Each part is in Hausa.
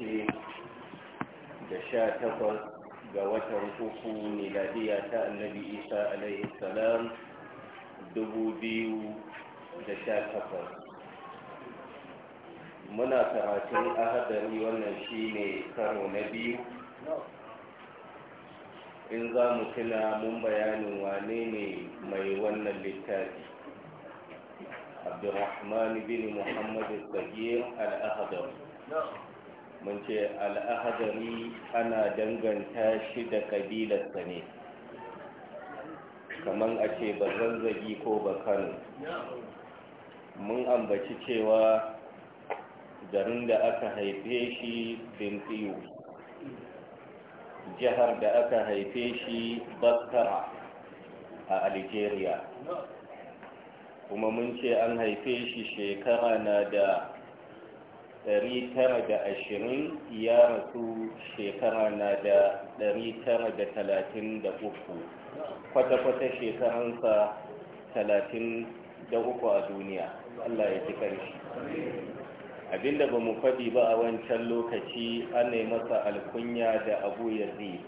dace da sha takwas ga watan uku miladiya ta annabi isa alaihi salam dubu biyu da sha takwas muna karatun ahadari wannan shi ne karo na biyu in za mu tuna mun bayanin wane ne mai wannan littafi abdurrahman bin Muhammadu al-sagir al mun ce al'ahadari ana danganta shi da kabilarsa ne kamar a ce ba zanzagi ko ba kano mun ambaci cewa garin da aka haife shi bintiyu jihar da aka haife shi baskara a algeria kuma mun ce an haife shi shekara na da ɗari tara da ashirin ya rasu shekara na da dari tara da talatin da uku kwata-kwata shekaransa talatin da uku a duniya allah ya ji ƙarshi abinda ba mu faɗi ba a wancan lokaci ana yi masa alkunya da abu yazid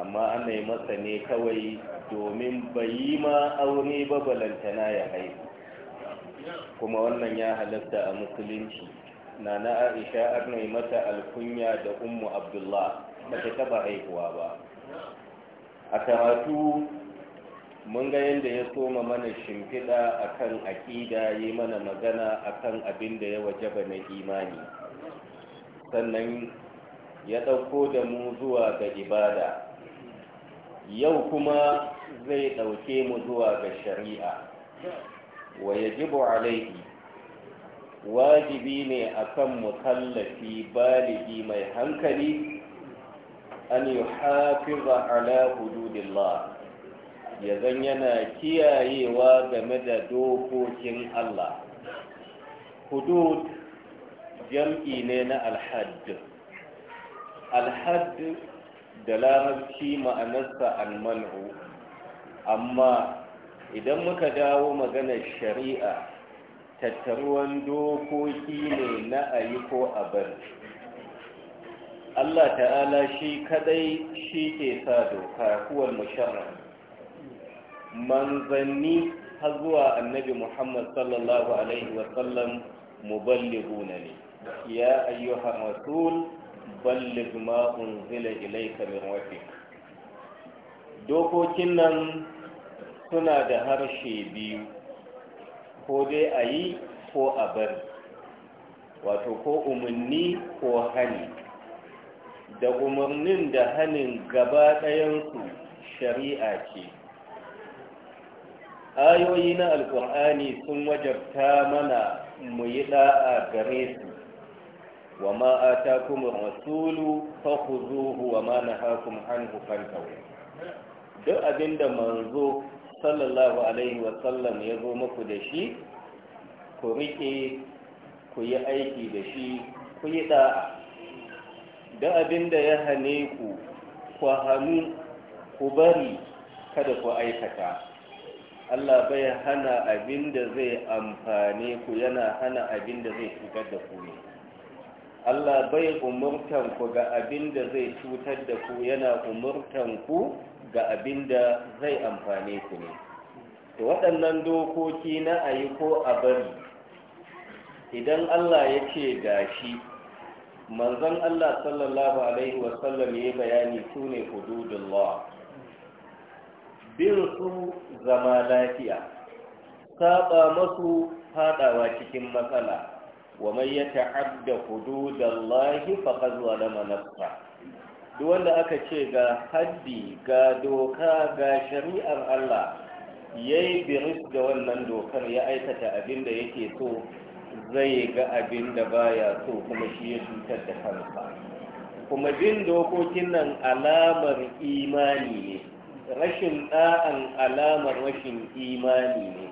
amma ana yi masa ne kawai domin bayi ma aure ba balantana ya haihu kuma wannan ya halatta a musulunci na na aisha an mata alkunya da ummu abdullah ba ta taba haihuwa ba a karatu mun ga yadda ya soma mana shimfiɗa a kan aƙida yi mana magana a kan abin da ya wajaba na imani sannan ya ɗauko da mu zuwa ga ibada yau kuma zai ɗauke mu zuwa ga shari'a wa yajibu alaihi wajibi ne akan mukallafi baligi mai hankali an yi hafiza ala hududillah ya zan yana kiyayewa game da dokokin Allah hudud jam'i ne na alhadd alhadd da larabci ma'anarsa almanu amma idan muka dawo maganar shari'a tattaruwan dokoki ne na ayi ko a bari Allah ta'ala shi kadai shi ke sa doka kuwal musharraf manzanni har zuwa annabi Muhammad sallallahu Alaihi wasallam muballiguna ne ya ayyuhar rasul ballig ma unzila ilayka min rabbik dokokin nan suna da harshe biyu ko dai a yi ko a bari wato ko umarni ko hani da umarnin da hanin gaba ɗayansu shari'a ce ayoyi na alkur'ani sun wajabta mana mu yi ɗa'a gare su wa ma'ata kuma rasulu fahuzuhu wa ma na hakun hannu fantawa duk abinda manzo sallallahu alaihi wasallam ya zo muku da shi ku riƙe ku yi aiki da shi ku yi ɗa'a da abin da ya hane ku ku hannu ku bari kada ku aikata Allah bai hana abin da zai amfane ku yana hana abin da zai cutar da ku ne Allah bai umurtan ku ga abin da zai cutar da ku yana umurtan ku ga abin da zai amfane ku ne to waɗannan dokoki na a yi ko a bari idan allah ya ce shi manzon allah sallallahu alaihi wasallam ya bayani su ne hududun lawa? bin su zama lafiya saba masu haɗawa cikin matsala wa mai ya ta'adda hududallahi zuwa na manasta duk wanda aka ce ga haddi ga doka ga shari'ar Allah yayi yi biris da wannan dokar ya aikata abinda yake so zai ga abinda baya so kuma shi ya cutar da kansa kuma bin dokokin nan alamar imani ne rashin da'an alamar rashin imani ne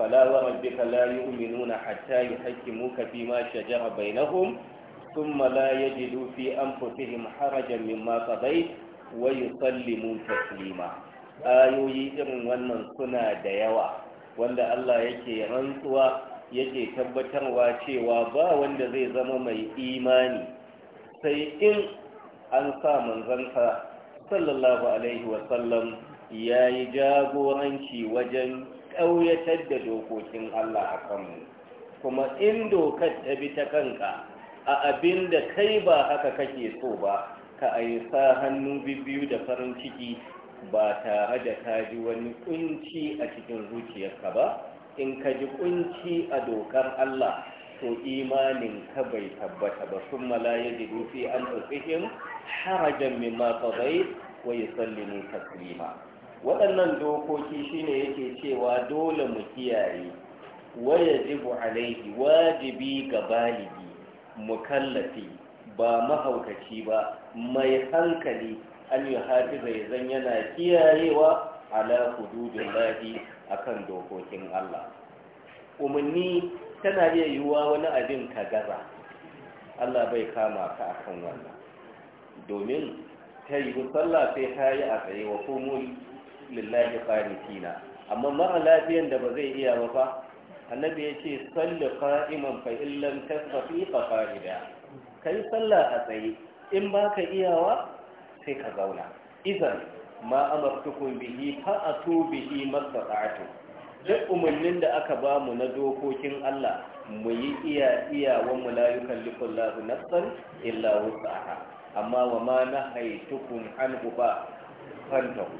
fala wa rabbika la yu'minuna hatta yuhaqqimuka fima shajara bainahum ثم لا يجدوا في أنفسهم حرجا مما قضيت ويسلموا تسليما ayoyi irin wannan suna da yawa wanda Allah yake rantsuwa yake tabbatarwa cewa ba wanda zai zama mai imani sai in an sa manzanka sallallahu alaihi wasallam ya yi jagoranci wajen ƙauyatar da dokokin Allah a kanmu kuma in dokar ta bi ta kanka a abin da kai ba haka kake so ba ka aisa hannu bibiyu da farin ciki ba tare da ka ji wani kunci a cikin zuciyarka ba in ka ji kunci a dokar Allah to imanin ka bai tabbata ba sun malaye da rufi an tsofihim harajan min qadait wa yusallimu taslima waɗannan dokoki shine yake cewa dole mu kiyaye wayajibu alaihi wajibi ga balibi mukallafi ba mahaukaci ba mai hankali an yi hafiza ya zan yana kiyayewa ala hududun a kan dokokin Allah umarni tana iya yiwuwa wani abin ka gaza Allah bai kama ka akan wannan domin ta yi sallah sai ta yi a tsaye wa komo fari faritina amma ma'a lafiyan da ba zai iya ba annabi ya ce salli qa'iman fa illam tasfi fa qa'ida kai sallah a tsaye in baka iyawa sai ka zauna Izan ma amartukum bihi fa atu bihi mastata'tu duk umarnin da aka ba mu na dokokin Allah mu yi iya iya mu mulayukan yukallifu Allahu illa wus'aha amma wa ma nahaytukum an ba fantahu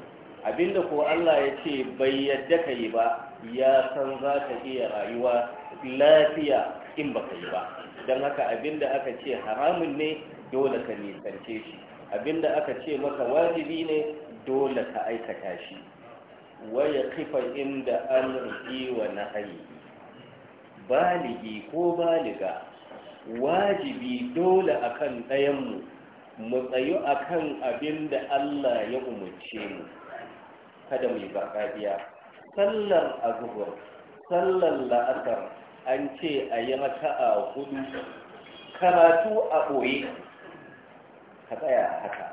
abinda ko Allah ya ce bai yadda yi ba ya san za ka iya rayuwa lafiya in baka yi ba don haka abin da aka ce haramun ne dole ka nisance shi Abin da aka ce maka wajibi ne dole ka aikata shi waya kifa inda an wa na nahayi baligi ko baliga wajibi dole akan ɗayanmu mu tsayu akan abinda Allah ya umarce mu kada mu yi barkabiya sallar zuhur sallar la'asar an ce a yi a hudu karatu a ɓoye ka tsaya haka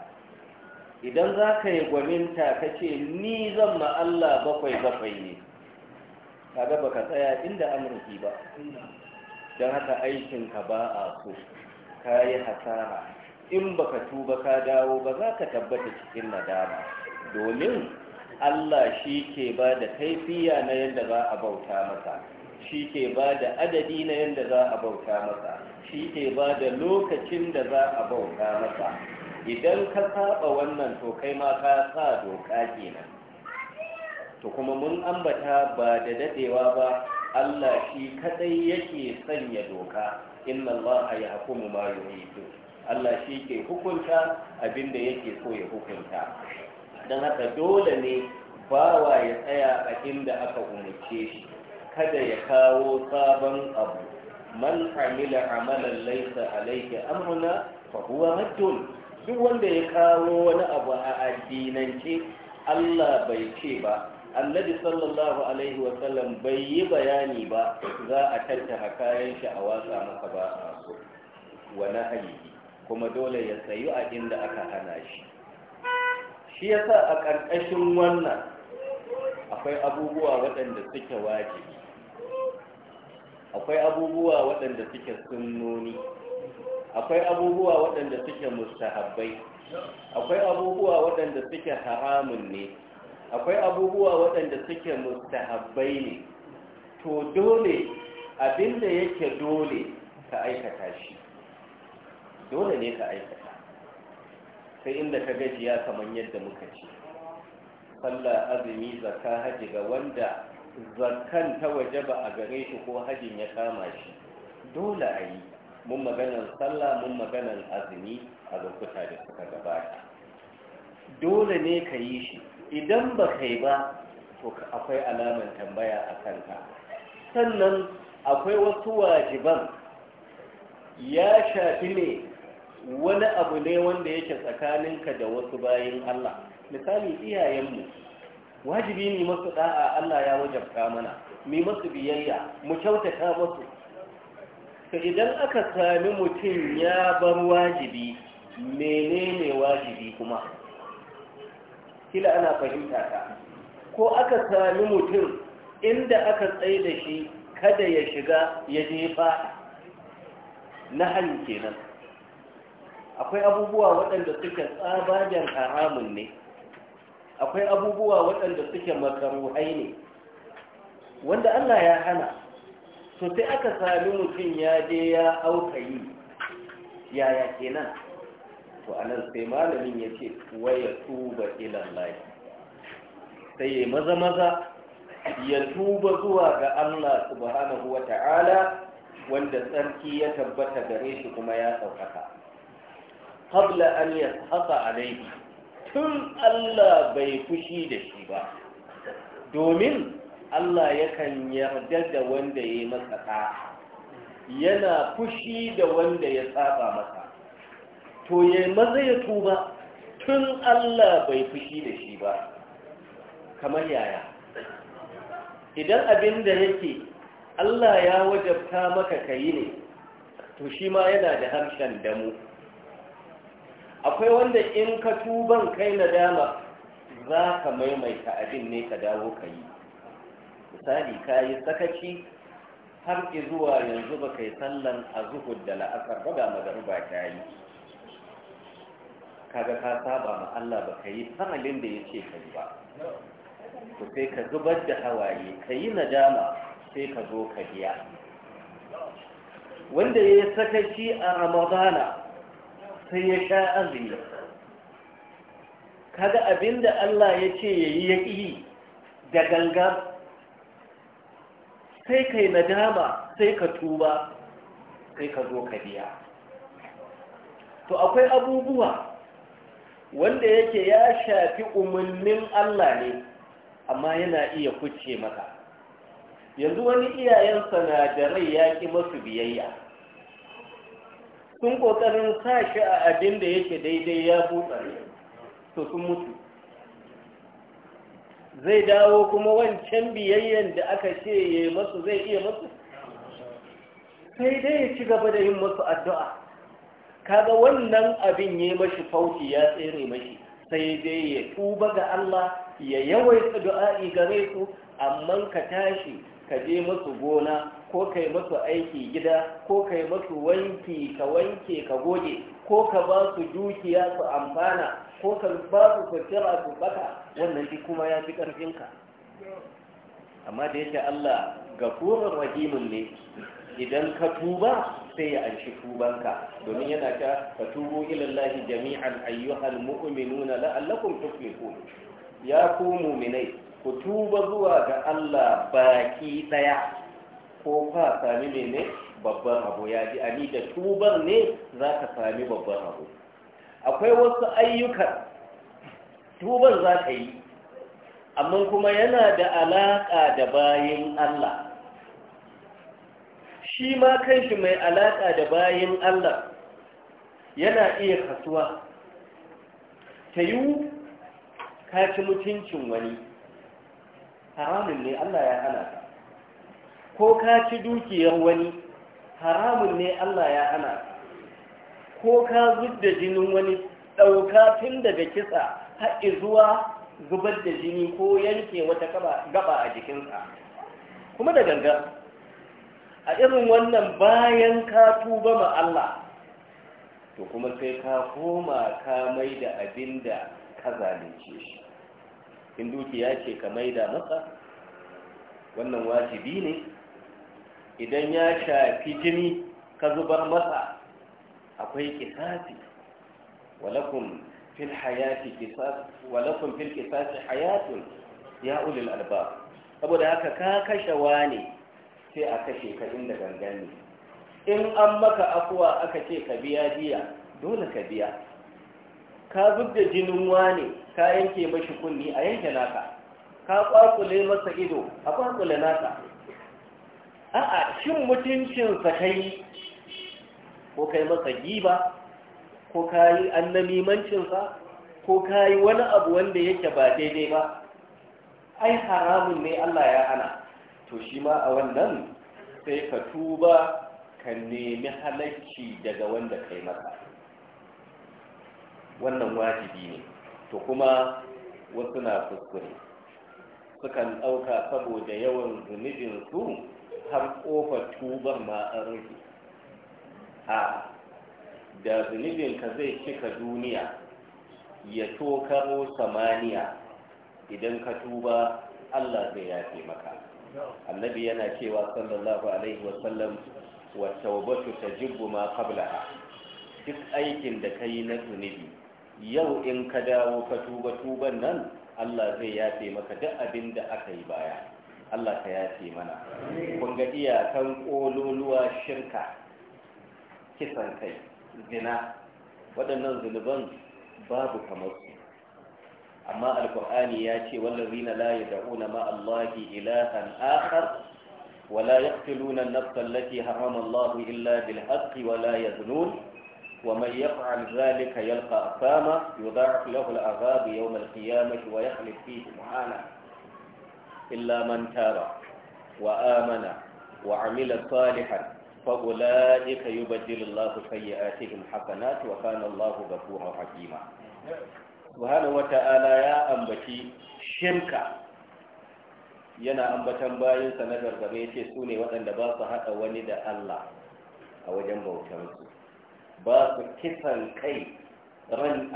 idan za ka yi gwaminta ka ce ni zan ma'alla bakwai bakwai ne ka ba ka tsaya inda amurki ba don haka aikinka ba a so ka yi hasara in baka tuba ka dawo ba za ka tabbata cikin nadama domin Allah shi ke ba da kaifiya na yadda za a bauta masa shi ke ba da adadi na yadda za a bauta masa shi ke ba da lokacin da za a bauta masa idan ka saba wannan to kai ma ka sa doka kenan to kuma mun ambata ba da dadewa ba Allah shi kadai yake sanya doka inna Allah ya hukumu ma yuhitu Allah shi ke hukunta abinda yake so ya hukunta don haka dole ne bawa ya tsaya a inda aka umarce shi kada ya kawo sabon abu man amila amalan laisa alayka amruna fa huwa maddun duk wanda ya kawo wani abu a addinance Allah bai ce ba annabi sallallahu alaihi wa sallam bai yi bayani ba za a tattara kayan shi a watsa maka ba a so wa nahayi kuma dole ya tsayu a inda aka hana shi shi ya sa a ƙarƙashin wannan akwai abubuwa waɗanda suke wajibi akwai abubuwa waɗanda suke sunnoni akwai abubuwa waɗanda suke mustahabbai akwai abubuwa waɗanda suke haramun ne akwai abubuwa waɗanda suke mustahabbai ne to dole abinda yake dole ka aikata shi dole ne ka aikata sai inda ka gajiya kamar yadda muka ce sallah azumi zakka haji ga wanda zakkan ta waje ba a gare shi ko hajin ya kama shi dole a yi mun maganar sallah mun maganar azumi a lokuta da suka gabata dole ne ka yi shi idan ba kai ba to akwai alamar tambaya a kanka sannan akwai wasu wajiban ya shafi ne wani abu ne wanda yake tsakaninka da wasu bayin Allah misali iyayenmu wajibi ne masu da'a Allah ya wajabta mana mai masu biyayya mu kyautata masu Ka idan aka sami mutum ya bar wajibi menene wajibi kuma kila ana fahimta ta ko aka sami mutum inda aka tsaye da shi kada ya shiga ya jefa na hannu kenan akwai abubuwa waɗanda suke tsabajen haramun ne akwai abubuwa waɗanda suke makaruhai ne wanda Allah ya hana so sai aka sami mutum ya je ya auka yi yaya kenan to a nan sai malamin ya ce waya tuba ilan lahi sai ya maza maza ya tuba zuwa ga Allah subhanahu wa ta'ala wanda tsarki ya tabbata gare shi kuma ya ɗaukaka qabla an yashaqa alayhi tun Allah bai fushi da shi ba domin Allah yakan yarda da wanda ya yi masa yana fushi da wanda ya saba masa to ya maza ya tuba tun Allah bai fushi da shi ba kamar yaya idan abin da yake Allah ya wajabta maka kayi ne to shi ma yana da harshen damu akwai wanda in ka tuban kai nadama za ka maimaita abin ne ka dawo ka yi misali ka yi sakaci har ki zuwa yanzu ba kai sallan a zuhud da la'asar ba ga ba ta yi kaga ka saba ma Allah ba ka yi famalin da ya ce ka yi ba to sai ka zubar da hawaye ka yi nadama sai ka zo ka biya wanda ya yi sakaci a ramadana sai ya sha azumi ga abinda Allah ya ce ya yi ya da ganga sai kai nadama sai ka tuba sai ka zo ka biya to akwai abubuwa wanda yake ya shafi umarnin Allah ne amma yana iya kuce maka yanzu wani iyayensa na da rai ya ƙi masu biyayya sun ƙoƙarin sa shi a abin da yake daidai ya buɗa to sun mutu zai dawo kuma wancan biyayyen da aka ce ya yi masu zai iya masu sai dai ya ci gaba da yin masu addu'a kaga wannan abin ya mashi fauki ya tsere mashi sai dai ya tuba ga Allah ya yawaita du'a'i gare su amma ka tashi ka je masu gona ko kai musu aiki gida ko kai musu wanki ka wanke ka goge ko ka ba su dukiya su amfana ko ka ba su kwanciyar su baka wannan shi kuma ya fi ƙarfinka amma da yake Allah ga kuma rahimin ne idan ka tuba sai ya anshi tubanka domin yana ta ka tubo ilallahi jami'an ayyuhal mu'minuna la'allakum tuflihun ya ku mu'minai ku tuba zuwa ga Allah baki daya ko ka sami ne babban abu ya ji ani da tubar ne za ka sami babban abu akwai wasu ayyukan tubar za ka yi amma kuma yana da alaƙa da bayin Allah shi ma kanshi mai alaƙa da bayin Allah yana iya kasuwa ta ka ci mutuncin wani haramun ne Allah ya hana ka ko ka ci dukiyar wani haramun ne Allah ya hana ka ko ka zudda jinin wani ɗauka tun daga kitsa har zuwa zubar da jini ko yanke wata gaba a jikinsa kuma da ganga a irin wannan bayan ka tuba ma Allah to kuma sai ka koma ka mai da abin ka zalunce shi in dukiya ce ka maida masa wannan wajibi ne idan ya shafi jini ka zubar masa akwai kisasi walakun fil kisasi hayatun ya ulil alba saboda haka ka kashe wani sai a kashe ka inda gangan ne in an maka afuwa aka ce ka biya biya dole ka biya ka zub da jinin wane ka yanke mashi kunni a yanke naka ka kwakule masa ido a kwakule naka a'a shin mutuncinsa ka yi ko kai masa giba ko ka yi annamimancinsa ko ka yi wani abu wanda yake ba daidai ba ai haramun ne Allah ya hana to shi ma a wannan sai ka tuba ka nemi halarci daga wanda kai masa wannan wajibi ne to kuma wasu na kuskure sukan ɗauka saboda yawan zunubin su har ƙofar tubar ma an rufe a da zunubinka zai cika duniya ya to karo samaniya idan ka tuba allah zai yafe maka annabi yana cewa sallallahu alaihi wasallam wa taubatu jibbu ma qablaha duk aikin da kai na zunubi yau in ka dawo ka tuba tuban nan Allah zai yafe maka duk abin da aka yi baya Allah ka yafe mana kun ga iyakan kololuwa shirka kisan kai zina waɗannan zunuban babu kamar su amma alkur'ani ya ce wallazina la yad'una ma allahi ilahan akhar ولا يقتلون النفس التي حرم الله إلا بالحق ولا يزنون ومن يفعل ذلك يلقى أثاما يضاعف له العذاب يوم القيامة ويخلد فيه مهانا إلا من تاب وآمن وعمل صالحا فأولئك يبدل الله سيئاتهم حسنات وكان الله غفورا حكيما سبحانه وتعالى يا أنبتي شركة yana ambatan bayansa na gargabe ya ce su ne waɗanda ba su haɗa wani da Allah a wajen bautansu ba su kisan kai ran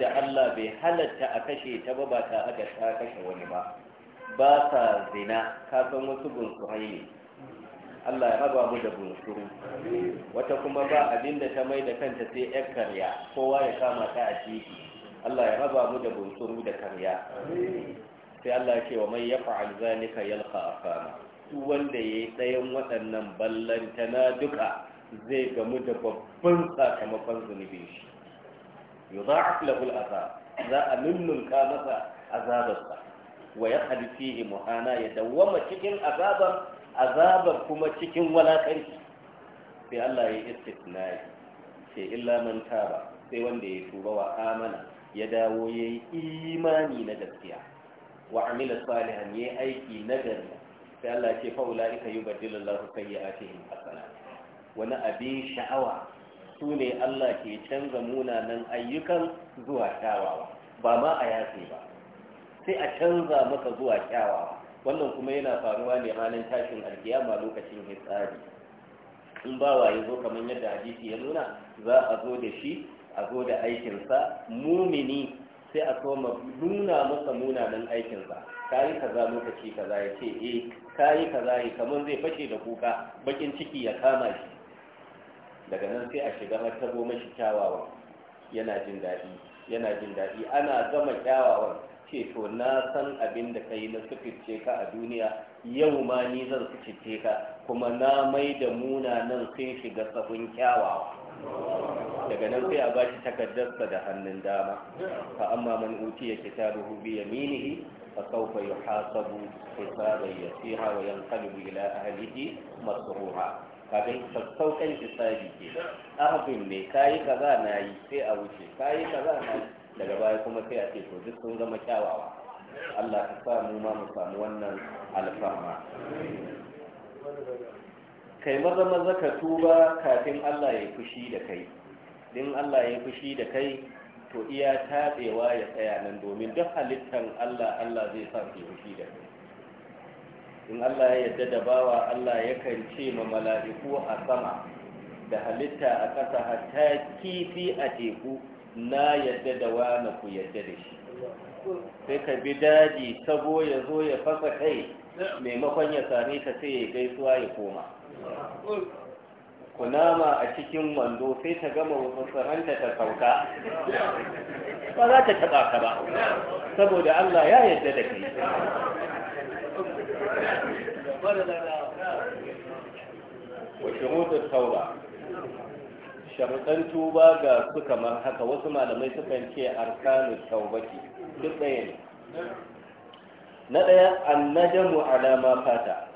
da Allah bai halatta a kashe ta ba ba ta aka ta kashe wani ba ba sa zina san wasu bunsurai ne Allah ya raba mu da bunsuru wata kuma ba abin da ta mai da kanta sai yar karya kowa ya kama ta a Allah ya raba mu da bunsuru da karya sai Allah ya ce wa mai yafa'al zalika yalqa afama duk wanda yayi tsayin waɗannan ballantana duka zai gamu da babban sakamakon zunubi shi yudha'af lahu al'azab za a nunnunka masa azabarsa wa ya fihi muhana ya dawwama cikin azabar azabar kuma cikin walakarki sai Allah ya istisnai sai illa man taba sai wanda ya tuba wa amana ya dawo ya yi imani na gaskiya wa amila salihan ya aiki na gari sai Allah ya ce fa ulaika yubaddilu Allahu sayyi'atihim hasanat wani abin sha'awa su ne Allah ke canza munanan ayyukan zuwa kyawawa ba ma a yafe ba sai a canza maka zuwa kyawawa wannan kuma yana faruwa ne ranar tashin alkiyama lokacin hitsari in bawa ya zo kamar yadda hadisi ya nuna za a zo da shi a zo da aikinsa mumini sai a soma nuna masa munanan aikinsa kayi kaza lokaci kaza ya ce eh kayi kaza ya kamar zai fashe da kuka bakin ciki ya kama shi daga nan sai a shiga goma mashi kyawawan yana jin daɗi yana jin daɗi ana zama kyawawan ce to na san abin da kai na sufirce ka a duniya yau ma ni zan sufirce ka kuma na mai da nan sun shiga sabon kyawawa daga nan sai a bashi takardarsa da hannun dama fa amma man utiya kitabuhu bi yaminihi fa sawfa yuhasabu hisaban yasiha wa yanqalibu ila ahlihi masruha kafin sassauƙan tsari ke abin mai kayi za na yi sai a wuce kayi za na daga baya kuma sai a ce to duk sun zama kyawawa Allah ka sa mu ma mu samu wannan alfahma kai maza maza ka tuba kafin Allah ya fushi da kai din Allah ya fushi da kai to iya tatsewa ya tsaya nan domin duk halittan Allah Allah zai sa su fushi da kai in Allah ya yarda da bawa Allah yakan ce ma mala'iku a sama da halitta a ƙasa hatta kifi a teku na yarda da wani ku yarda da shi sai ka bi daji sabo ya zo ya fasa kai maimakon ya same ka sai ya gaisuwa ya koma kunama a cikin wando sai ta gama wasaranta ta sauka ba za ta taba ka ba saboda Allah ya yarda da kai wa shurutun tauba sharuɗan tuba ga su kamar haka wasu malamai sukan ce arkanin taubaki duk ɗaya ne na ɗaya annadamu alama fata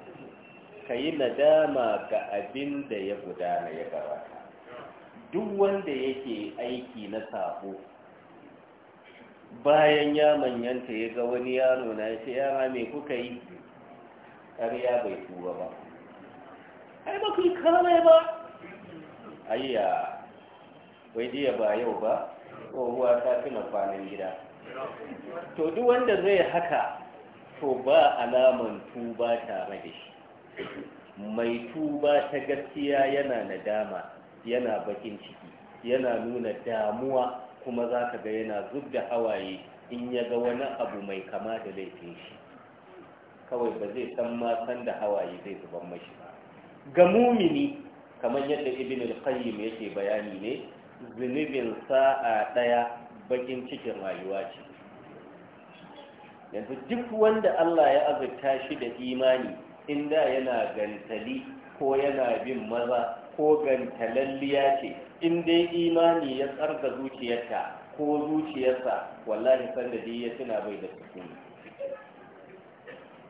ka yi nadama ga abin da ya gudana ya gabata duk wanda yake aiki na sabo bayan ya manyanta ya ga wani yaro na ya yara me kuka yi ƙarya bai tuba ba ai ba yi kamai ba ayya wai jiya ba yau ba tsohuwa ta tuna kwanan gida to duk wanda zai haka to ba alaman tuba tare da shi mai tuba ta gaskiya yana nadama yana bakin ciki yana nuna damuwa kuma za ka ga yana zub da hawaye in ya ga wani abu mai kama da laifin shi kawai ba zai san ma san da hawaye zai zuban mashi ba ga mumini kamar yadda ibn al-qayyim yake bayani ne zunubin sa'a daya bakin cikin rayuwa ce yanzu duk wanda Allah ya azurta shi da imani inda yana gantali ko yana bin maza ko gantalalliya ce in dai imani ya tsarga zuciyarta ko zuciyarsa wallahi sanda dai ya tuna bai da sukuni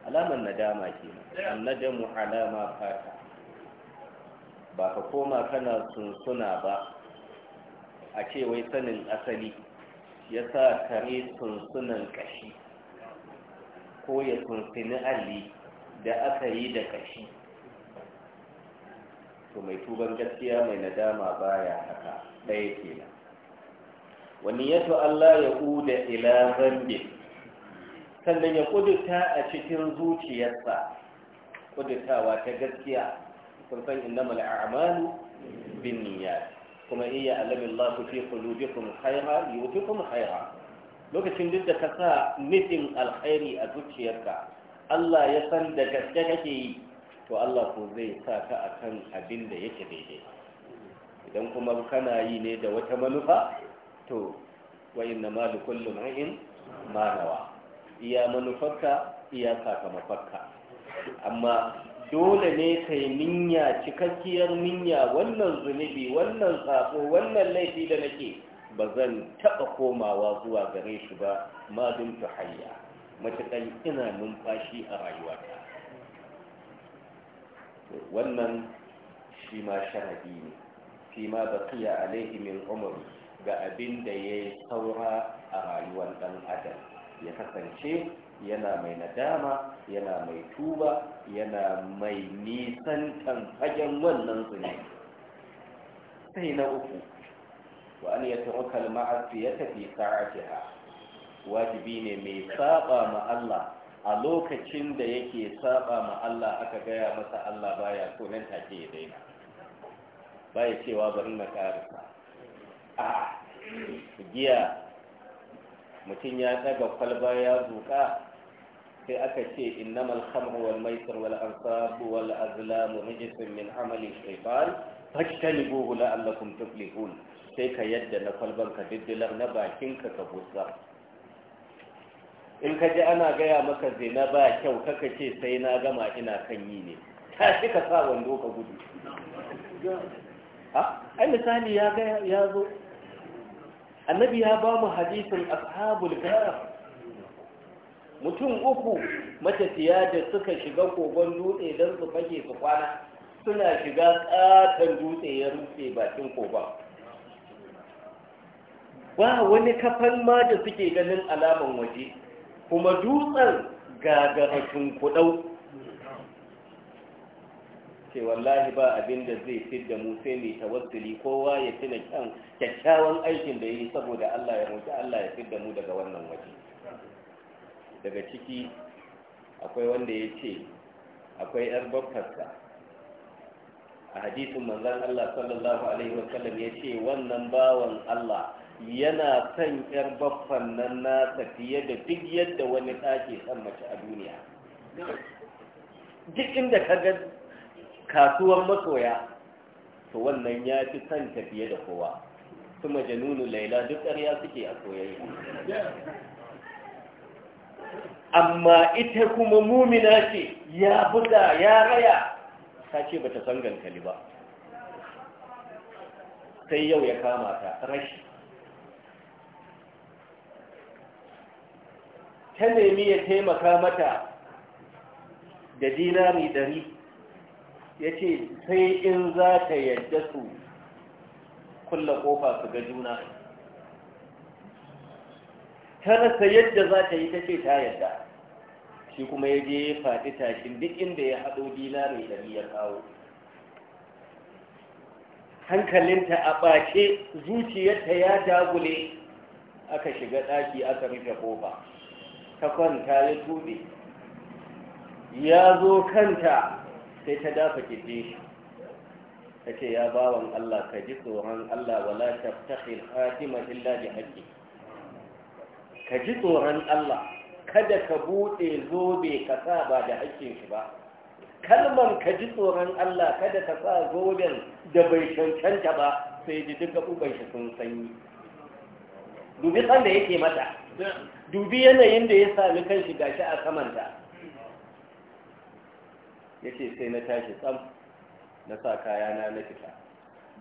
alamar nadama ke mu alama fata ba ka koma kana sunsuna ba a ce wai sanin asali ya sa kare tsuntsunan kashi ko ya sunsuni alli da aka yi da kashi to mai tuban gaskiya mai nadama baya haka ɗaya kenan wani yato Allah ya da ila zambin sannan ya kudurta a cikin zuciyarsa kudurtawa ta gaskiya kun san innamal a'malu binniyat kuma iya alamin lafi fi qulubikum khayra yutikum khayra lokacin duk da ka sa nufin alkhairi a zuciyarka Allah ya san da gaske kake yi to Allah ko zai sa ka akan abin da yake daidai idan kuma kana yi ne da wata manufa to wa inna ma li kulli ma'in ma nawa iya manufarka iya sakamakonka amma dole ne ka yi ninya cikakkiyar ninya wannan zunubi wannan tsafo wannan laifi da nake ba zan taɓa komawa zuwa gare shi ba ma dun ta hanya matuƙan ina numfashi a rayuwata wannan shi ma sharadi ne shi ma bakiya alaihi min umar ga abin da ya saura a rayuwar ɗan adam ya kasance yana mai nadama yana mai tuba yana mai nisan fagen wannan zunubi sai na uku wa an ya turka ma'afi ya tafi ha wajibi ne mai saba ma Allah a lokacin da yake saba ma Allah aka gaya masa Allah baya so nan take ya daina baya cewa bari na karisa a giya mutum ya daga kwalba ya zuka sai aka ce innamal khamru wal maisir wal ansab wal azlam rijsun min amali shaytan fajtanibuhu la'allakum tuflihun sai ka yadda na kwalban ka diddilar na bakin ka ka busa in ka ji ana gaya maka zina ba kyau kaka ce sai na gama ina kan yi ne ta shi ka sa wando ka gudu a misali ya zo annabi ya ba mu hadisin ashabul mutum uku matafiya da suka shiga kogon dutse don su fage su kwana suna shiga katon dutse ya rufe bakin kogon ba wani kafan ma da suke ganin alaman waje kuma dutsen gagara kudau ce wallahi ba abin da zai fi da mu sai mai tawassuli kowa ya tuna kyan kyakkyawan aikin da yi saboda Allah ya roki Allah ya fi mu daga wannan waje daga ciki akwai wanda ya ce akwai yar bakkarsa a hadisin manzon Allah sallallahu alaihi wasallam ya ce wannan bawan Allah yana son yar baffan nan na fiye da duk yadda wani ɗaki san mace a duniya duk inda ka ga Kasuwar masoya to wannan ya fi san tafiye da kowa su majanunu laila duk ƙarya suke a soyayya amma ita kuma mumina ce ya buga ya raya ta ce ba ta san gankali ba sai yau ya kama ta rashi ta nemi ya taimaka mata da dinari ɗari ya ce sai in za ta yadda su kulla kofa su ga juna ta rasa yadda za ta yi ta ce ta yadda shi kuma ya je faɗi tashin duk inda ya haɗo dinari ɗari ya kawo hankalinta a ɓace zuciyarta ya dagule aka shiga ɗaki aka rufe kofa ta kwanta ya tube ya zo kanta sai ta dafa kirjin ta ce ya bawan Allah ka ji tsoron Allah wala taftakhil khatima illa bi haqqi ka ji tsoron Allah kada ka bude zobe ka sa ba da haƙƙin shi ba kalman ka ji tsoron Allah kada ka sa zoben da bai cancanta ba sai ji duka uban shi sun sanyi dubi san da yake mata dubi yanayin da ya sami kanshi gashi a samanta ya sai na tashi tsam na sa kayana na fita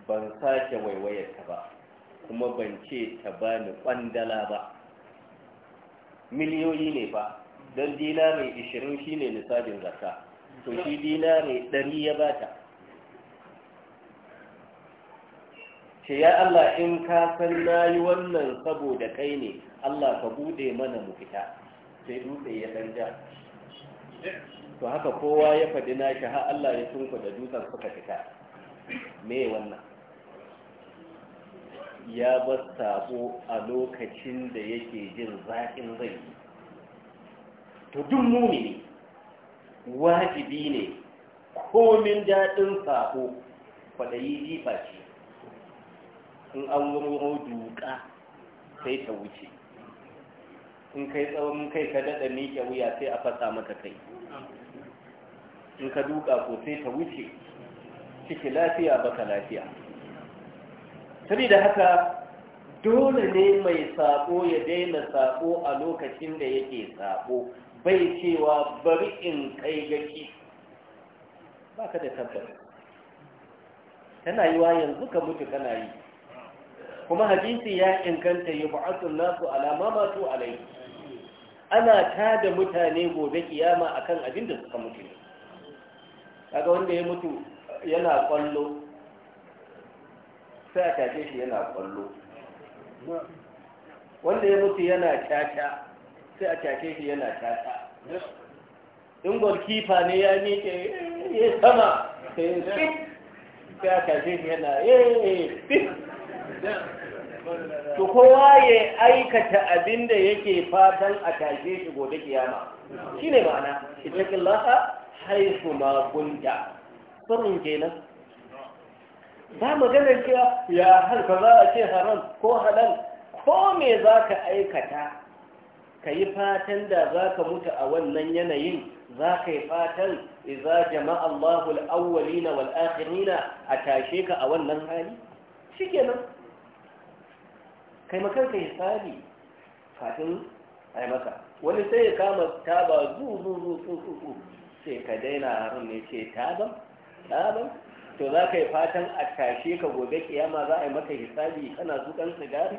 ban sake waiwayarta ba kuma ban ce ta ba ni kwandala ba miliyoyi ne ba don dina mai ishirin shi ne nisabin zakka to shi dina mai ɗari ya bata ce ya Allah in ka san na yi wannan saboda kai ne Allah ka buɗe mana mu fita sai dutse ya ɗan ja to haka kowa ya faɗi na shi har Allah ya sunku da dutsen suka fita me wannan ya bar sabo a lokacin da yake jin zaƙin rai to duk mumini wajibi ne komin daɗin sabo yi jifa ce in an wuro duka sai ta wuce in kai tsawon kai ka daɗa miƙe wuya sai a fasa maka kai in ka duka ko sai ta wuce ciki lafiya baka lafiya da haka dole ne mai saƙo ya daina saƙo a lokacin da yake sako bai cewa bari in kai gaki baka da tabbas tana yi wa yanzu ka mutu kana yi kuma hadisi ya inganta yi ba'atun nasu alama masu alai ana tada mutane gobe kiyama akan abin da suka mutu ne kaga wanda ya mutu yana kwallo sai a tashe shi yana kwallo wanda ya mutu yana caca sai a tashe shi yana caca in kifa ne ya miƙe ya eh, eh, sama sai sai a tashe shi yana eh, fit to kowa ya aikata abin da yake fatan a tashe shi gobe kiyama shine ma'ana lasa haifu ma sirrin kenan ba maganar cewa ya harka za a ce haram ko halal ko me za ka aikata ka yi fatan da za ka mutu a wannan yanayin za ka yi fatan iza jama'a Allahu al'awwalina wal'akhirina a tashe ka a wannan hali shi kenan ka yi hisabi kafin a yi maka wani sai ya kama taba zuzuzuzuzu ce ka daina harin ne ce taban taban to za ka yi fatan a tashe ka gobe kiyama za a yi maka hisabi kana zukan sigari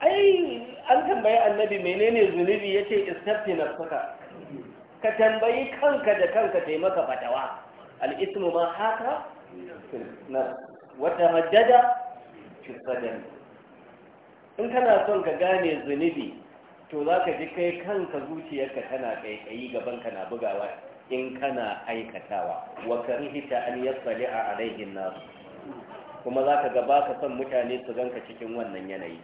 ai an tambayi annabi menene zunubi ya ce istafti na suka ka tambayi kanka da kanka ta yi maka fatawa al'ismu ma haka na wata haddada ki sadari in kana son ka gane zunubi to za ka ji kai kanka zuciyarka tana ƙaiƙayi gaban ka na bugawa in kana aikatawa wa karihita an yassali a alaihin nasu kuma za ka gaba ka son mutane su ganka cikin wannan yanayi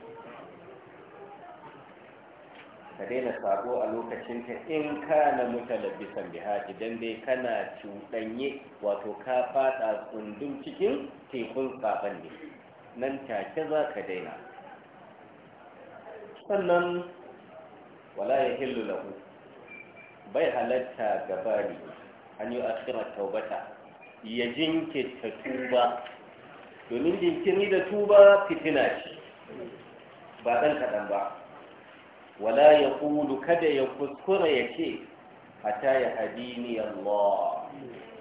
ka daina sabo a lokacin ta in kana bisan biha idan dai kana cuɗanye wato ka fada tsundun cikin tekun saban ne nan take za ka daina sannan wala ya yahillu lahu bai halatta gabari an yi akira taubata ya jinkirta tuba domin jinkiri da tuba fitina ce ba ɗan kaɗan ba wala ya ƙulu kada ya kuskura ya ce ta yi hadini Allah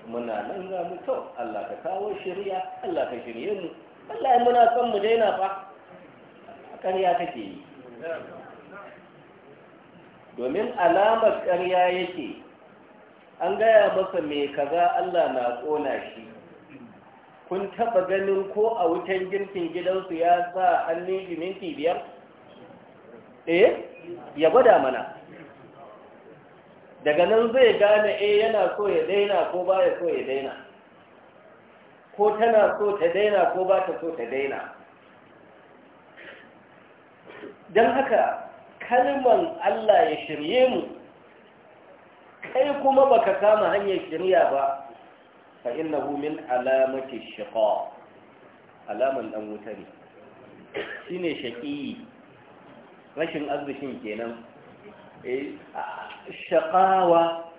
muna nan za mu kyau Allah ka kawo shirya Allah ka shirye mu Allah ya muna son mu daina fa ƙarya take yi domin alamar ƙarya yake an gaya masa mai kaza Allah na ƙona shi kun taɓa ganin ko a wutan girkin gidansu ya sa hannun jiminti biyar? eh ya gwada mana daga nan zai gane eh yana so ya daina ko ba ya so ya daina ko tana so ta daina ko ba ta so ta daina don haka kalman Allah ya shirye mu kai kuma baka kama hanyar shirya ba fa innahu min alamati shiqa alaman dan wuta ne shine shaqi rashin arzikin kenan eh shaqawa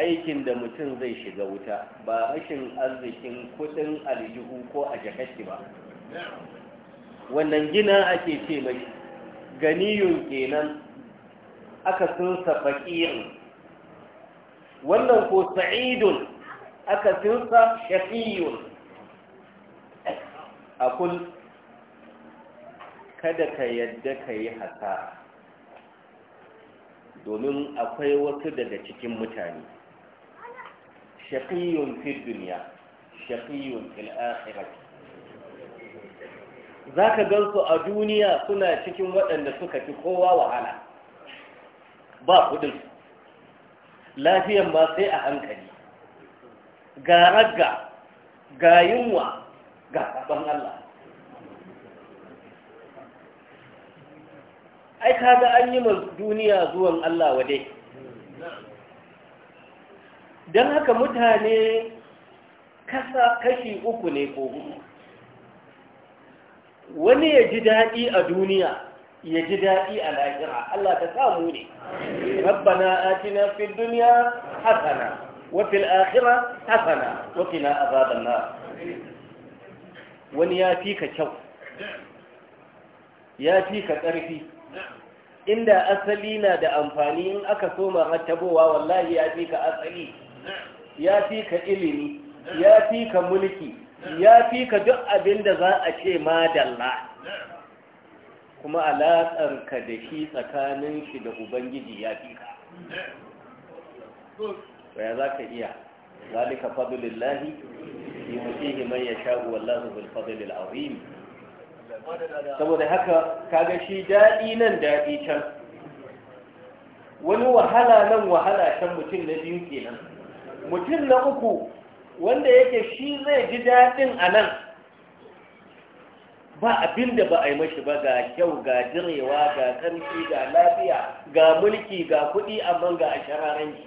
aikin da mutum zai shiga wuta ba rashin arzikin kudin aljihu ko a jakashi ba wannan gina ake ce mai ganiyun kenan aka sunsa faƙirin wannan ko sa'idun aka sunsa shafiyun a kun kada ka yadda ka yi hasara domin akwai wasu daga cikin mutane shafiyun fi duniya shafiyun fil akhirati za ka gansu a duniya suna cikin waɗanda suka fi kowa wahala ba kudin lafiyan ma sai a hankali ga ragga ga yunwa ga ƙasar Allah ai kaga an yi duniya zuwan Allah wade don haka mutane kasa kashi uku ne ko hudu wani ya ji daɗi a duniya ya ji daɗi a lahira Allah ta samu ne rabbana atina fid dunya hasana wa fil akhirah hasana wa qina azaban wani ya fi ka kyau ya fi ka ƙarfi inda asali na da amfani in aka so marattabowa wallahi ya fi ka asali ya fi ka ilimi ya fi ka mulki ya fi ka duk abin da za a ce madalla kuma alaƙarka da shi tsakanin shi da ubangiji ya fi ka ya za ka iya zalika fadlillahi yutihi man yasha'u wallahu bil fadlil azim saboda haka kaga shi daɗi nan daɗi can wani wahala nan wahala can mutum na biyu kenan mutum na uku wanda yake shi zai ji daɗin a nan ba abin da ba a yi mashi ba ga kyau ga jirewa ga ƙarfi ga lafiya ga mulki ga kuɗi amma ga a shararanci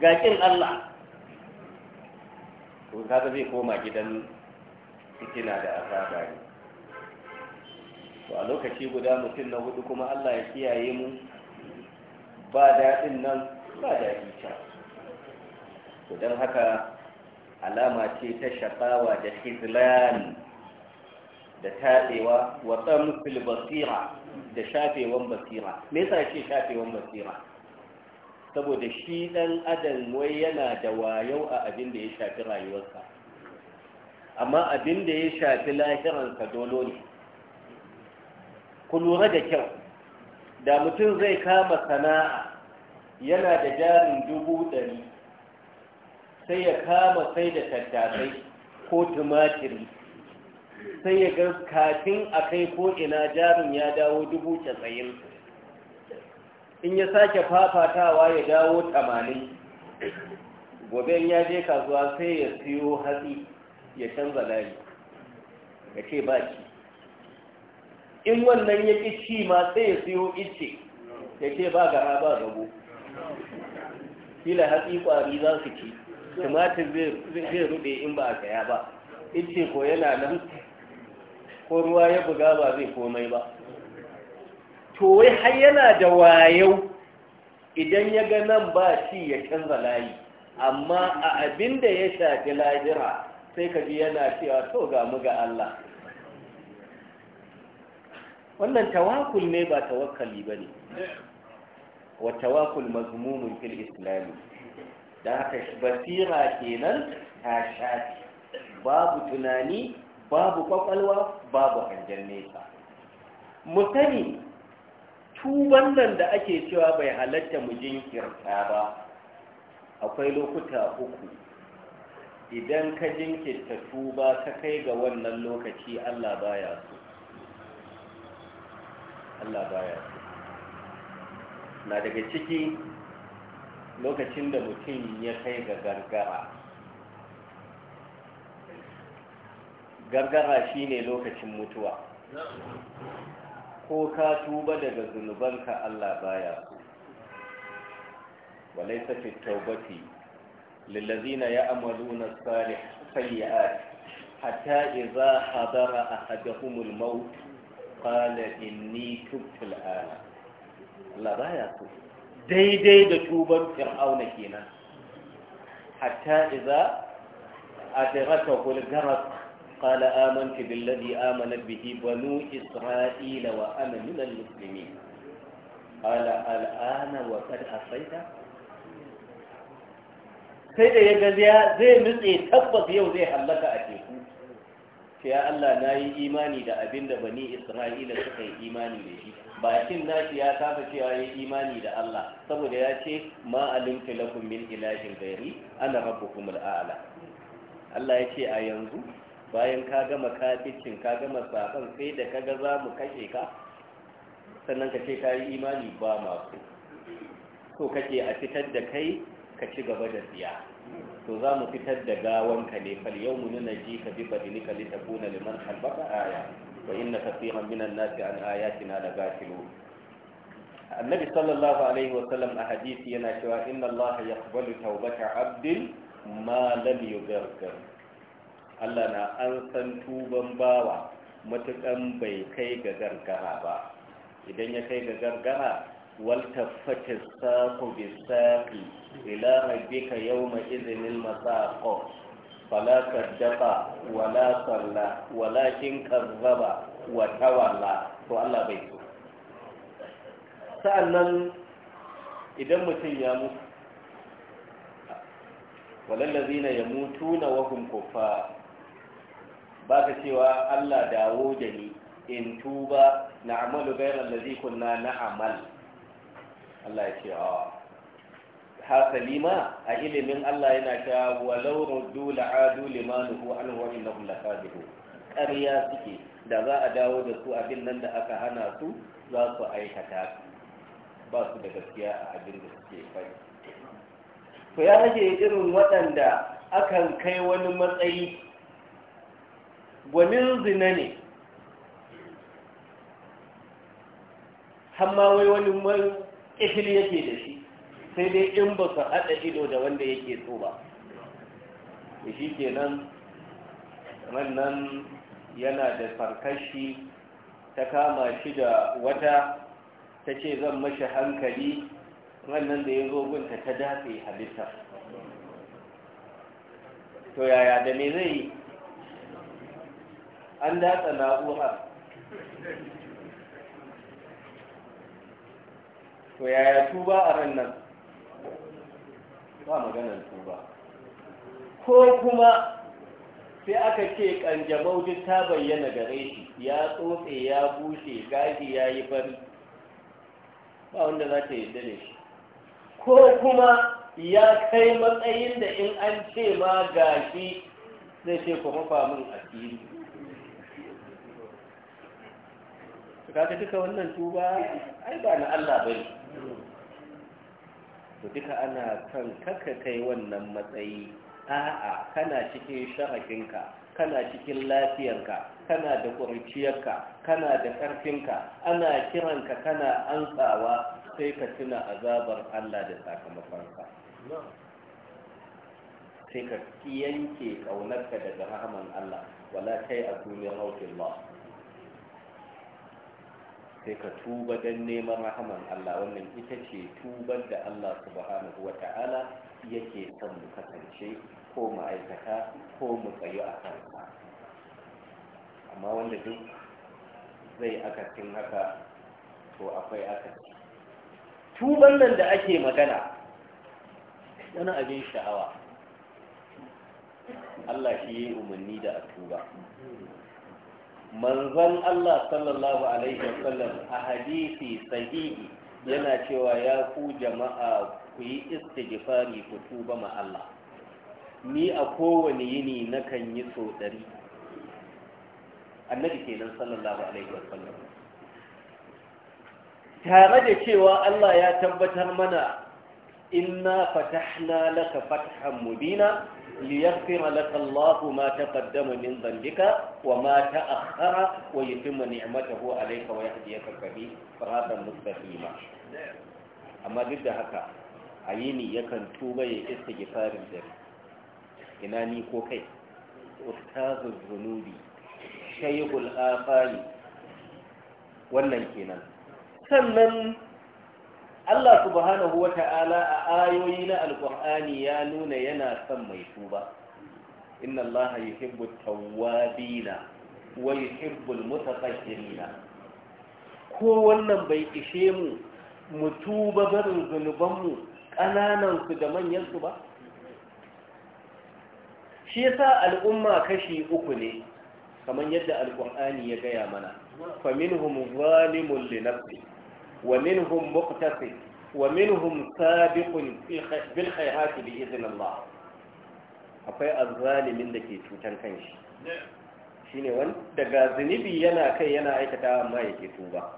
ga ƙin Allah to kaga zai koma gidan fitina da azaba ne to a lokaci guda mutum na hudu kuma Allah ya kiyaye mu ba daɗin nan ba daɗin can to don haka alama ce ta shakawa da hizlan da taɗewa wa tsamfil basira da shafewan basira me yasa ce shafewan basira saboda shi ɗan adam wai yana da wayau a abin da ya shafi rayuwarsa amma abin da ya shafi lahiransa dolo ne ku lura da kyau da mutum zai kama sana'a yana da jarin dubu ɗari sai ya kama sai da tattasai ko tumatiri sai ya ga kafin a kai ko ina jarin ya dawo dubu casa'in in ya sake fafatawa ya dawo tamanin gobe ya je kasuwa sai ya siyo hatsi ya canza layi ya ce ba ki in wannan ya ƙi ci ma sai ya siyo ice ya ce ba gara ba gabo kila hatsi ƙwari za su ci tumatir zai rude in ba a saya ba ice ko yana nan ko ruwa ya buga ba zai komai ba to wai har yana da wayau idan ya ga nan ba shi ya canza layi amma a abin da ya shafi lahira sai ka ji yana cewa to ga mu ga Allah wannan tawakul ne ba tawakkali ba wa tawakul mazmumun fil islami da haka basira kenan ta shafi babu tunani babu kwakwalwa babu hangen nesa mu sani tuban nan da ake cewa bai halatta mu jinkirta ba akwai lokuta uku idan ka jinkirta tuba ka kai ga wannan lokaci allah baya su allah baya so na daga ciki lokacin da mutum ya kai ga gargara gargara shine lokacin mutuwa ko ka tuba daga zunubanka Allah baya ku walaysa fi tawbati lillazina ya'maluna as-salihat hatta idza hadara a al-maut kala inni tubtu ana Allah baya ku daidai da tuban fir'auna kenan hatta idza adrakahu al-gharq qala amantu billadhi amana bihi banu isra'ila wa ana min al-muslimin qala al-ana wa qad asaita sai da ya ga zai nutse tabbas yau zai hallaka a teku sai ya Allah na yi imani da abin da bani isra'ila suka yi imani da shi bakin nashi ya saba cewa ya imani da Allah saboda ya ce ma alimta lakum min ilahin ghairi ana rabbukum al'ala Allah ya ce a yanzu bayan ka gama kaficin ka gama saban sai da kaga za mu kashe ka sannan ka ce ka yi imani ba masu so kake a fitar da kai ka ci gaba da siya to za mu fitar da gawanka ne fal yau mu nuna ji ka bi badinika litakuna liman halbaka aya فإن كثيرا من الناس عن آياتنا لغافلون النبي صلى الله عليه وسلم أحاديث يناشوا إن الله يقبل توبة عبد ما لم يغرقر Allah na an san tuban bawa matuƙan bai kai ga gargara ba, idan ya kai ga gargara, walta fata saku bisaki ila rabbika yau ma izinin masako فلا صدق ولا صلى ولكن كذب وتولى to Allah bai so sa'annan idan mutum ya mutu walallazina yamutuna wa hum ba ka cewa Allah dawo da ni in tuba amalu ghayra allazi kunna amal Allah ya ce awa. hasali ma a ilimin Allah yana ta walau ruddu la'adu limanu hu an wa innahum lakadibu ƙarya suke da za a dawo da su abin nan da aka hana su za su aikata ba su da gaskiya a abin da suke fai to ya rage irin waɗanda akan kai wani matsayi gwanin zina ne hamma wai wani mai ƙifil yake da shi sai dai in ba su haɗa ido da wanda yake so ba da shi nan, wannan yana da farkashi ta kama shi da wata ta ce zan mashi hankali wannan da ya zo gunta ta dafe halitta to yaya da me zai an datsa na'ura to yaya tuba a ran nan ba maganar tuba ko kuma sai aka ce kanjamau duk ta bayyana gare shi ya tsotse ya bushe gaji ya yi bari ba wanda za ta yadda ne shi ko kuma ya kai matsayin da in an ce ma gashi zai ce kuma famin asiri kaga duka wannan tuba ai ba na Allah bane to duka ana kan kaka kai wannan matsayi a'a kana cikin sharafinka. kana cikin lafiyarka kana da ƙurciyarka kana da ƙarfinka ana kiranka kana antsawa sai ka tuna azabar Allah da sakamakonka sai ka yanke ƙaunarka daga rahaman Allah wala kai a duniyar rautin Allah sai ka tuba don neman rahaman Allah wannan ita ce tubar da Allah subhanahu wa ta'ala yake son mu kasance ko ma'aikata ko mu tsayu a kansa amma wanda duk zai akasin haka to akwai akasi tuban nan da ake magana wani abin sha'awa Allah shi yi umarni da a tuba manzon Allah sallallahu alaihi sallam a hadisi sahihi yana cewa ya ku jama'a ku yi istighfari ku tuba ma Allah ni a kowane yini na kan yi so dari annabi kenan sallallahu alaihi sallam tare da cewa Allah ya tabbatar mana inna fatahna laka fathan mubina liyaghfir laka Allahu ma taqaddama min dhanbika wa ma ta'akhkhara wa yutimma ni'matahu alayka wa yahdiyaka siratan mustaqima amma duk da haka ayini yakan tuba ya istighfarin dare ina ni ko kai ustazu zunubi shaykhul afari wannan kenan sannan Allah subhanahu wa ta'ala a ayoyi na alƙur'ani ya nuna yana son mai tuba inna Allah yuhibbu tawwabina wa yuhibbu almutatahhirina ko wannan bai ishe mu mu tuba barin zunubanmu ƙananan su da manyan su ba shi yasa al'umma kashi uku ne kamar yadda alƙur'ani ya gaya mana fa minhum zalimun li nafsihi ومنهم مقتصد ومنهم سابق بالخيرات بإذن الله akwai azzalimin da ke cutan kanshi shine wanda ga zunubi yana kai yana aikata amma yake tuba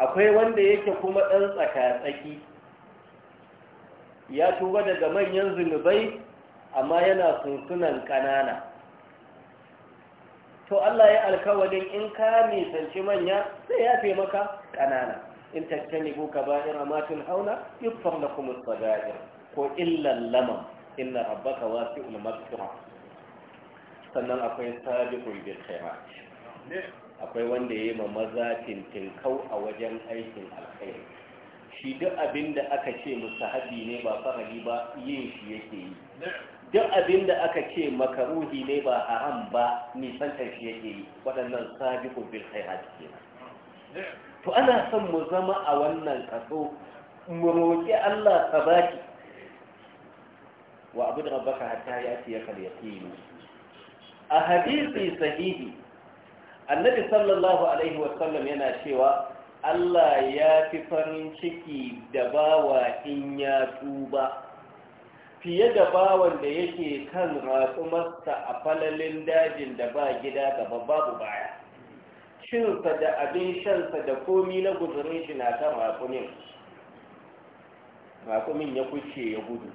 akwai wanda yake kuma dan tsaka tsaki ya tuba daga manyan zunubai amma yana sunsunan kanana to Allah ya alkawarin in ka nisanci manya sai ya fi maka ƙanana in tattani bu ka ba'ir a hauna yi na kuma tsagayar ko illan laman inna rabbaka wasu ulmaksura sannan akwai sabi bil khairat akwai wanda ya yi ma maza tintinkau a wajen aikin alkhairi shi duk abin da aka ce musahabi ne ba farali ba yin shi yake yi duk abin da aka ce makaruhi ne ba haram ba nisantar shi yake yi waɗannan sabiqun bil khairat nan. to ana son mu zama a wannan kaso mu roƙi Allah baki wa abu da rabbaka hatta ya ce ya kalyaqini a hadisi sahihi annabi sallallahu alaihi wa sallam yana cewa Allah ya fi farin ciki da bawa in ya tuba fiye da bawan da yake kan ratsumarsa a falalin dajin da ba gida gaba babu baya cinsa da abin shansa da komi na guzurin shi na kan raƙumin raƙumin ya kuce ya gudu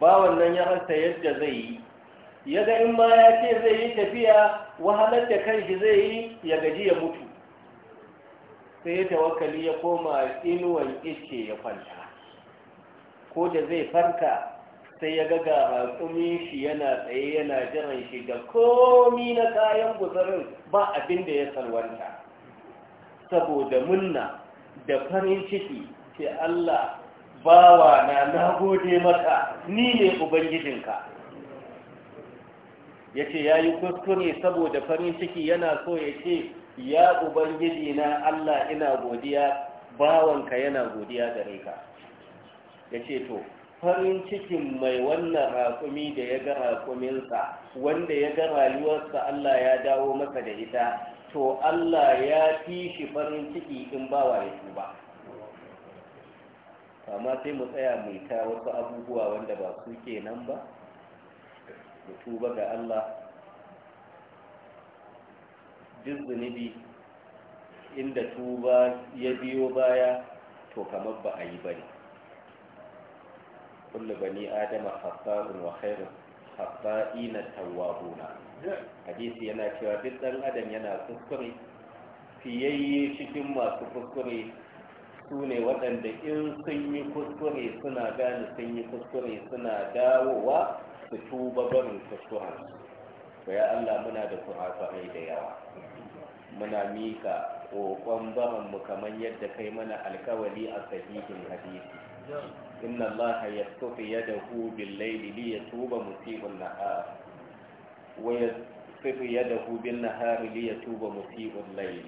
bawan nan ya rasa yadda zai yi ya ga in ma ya ce zai yi tafiya wahalar da kanshi zai yi ya gaji ya mutu sai ya tawakali ya koma inuwan ice ya kwanta ko da zai farka sai ya ga raƙumin shi yana tsaye yana jiran shi da komi na kayan guzarin ba abin da ya salwanta saboda munna da farin ciki ke Allah bawa na na maka ni ne ubangijinka ya ce ya yi kuskure saboda farin ciki yana so ya ce ya ubangiji na Allah ina godiya bawanka yana godiya gare ka ya ce to farin cikin mai wannan raƙumi da ya ga raƙuminsa wanda ya ga rayuwarsa Allah ya dawo masa da ita to Allah ya fi shi farin ciki in ba wa ya ba amma sai mu tsaya mai ta wasu abubuwa wanda ba su ke nan ba mu tuba ga Allah duk zunubi inda tuba ya biyo baya to kamar ba a yi bane kullu bani adama khata'un wa khairun khata'ina tawwabuna hadisi yana cewa duk dan adam yana kuskure fiyayye cikin masu kuskure su ne waɗanda in sun yi kuskure suna gane sun yi kuskure suna dawowa su tuba barin kuskuren Baya ya Allah muna da kurakurai da yawa muna mika barin mu kamar yadda kai mana alkawari a sahihin hadisi إن الله yastafi يده بالليل ليتوب li النهار musibun يده بالنهار ليتوب yadahu الليل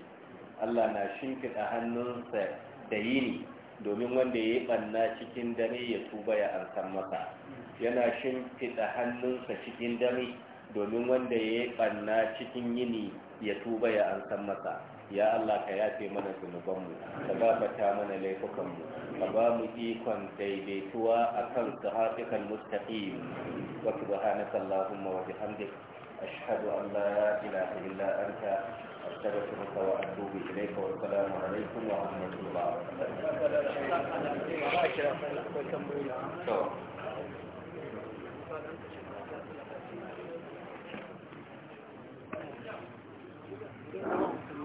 Allah na shimfida hannunsa da yini domin wanda ya yi ɓanna cikin dare ya tuba ya ansan masa yana shimfida hannunsa cikin dare domin wanda ya yi ɓanna cikin yini ya tuba ya ansan masa ya Allah ka yafe mana zunubanmu ka gafata mana laifukanmu ka ba mu ikon daidaituwa akan sahatikan mustaqim wa subhanaka allahumma wa bihamdik ashhadu an la ilaha illa anta astaghfiruka wa atubu ilayka wa assalamu alaikum wa rahmatullahi wa barakatuh Thank you.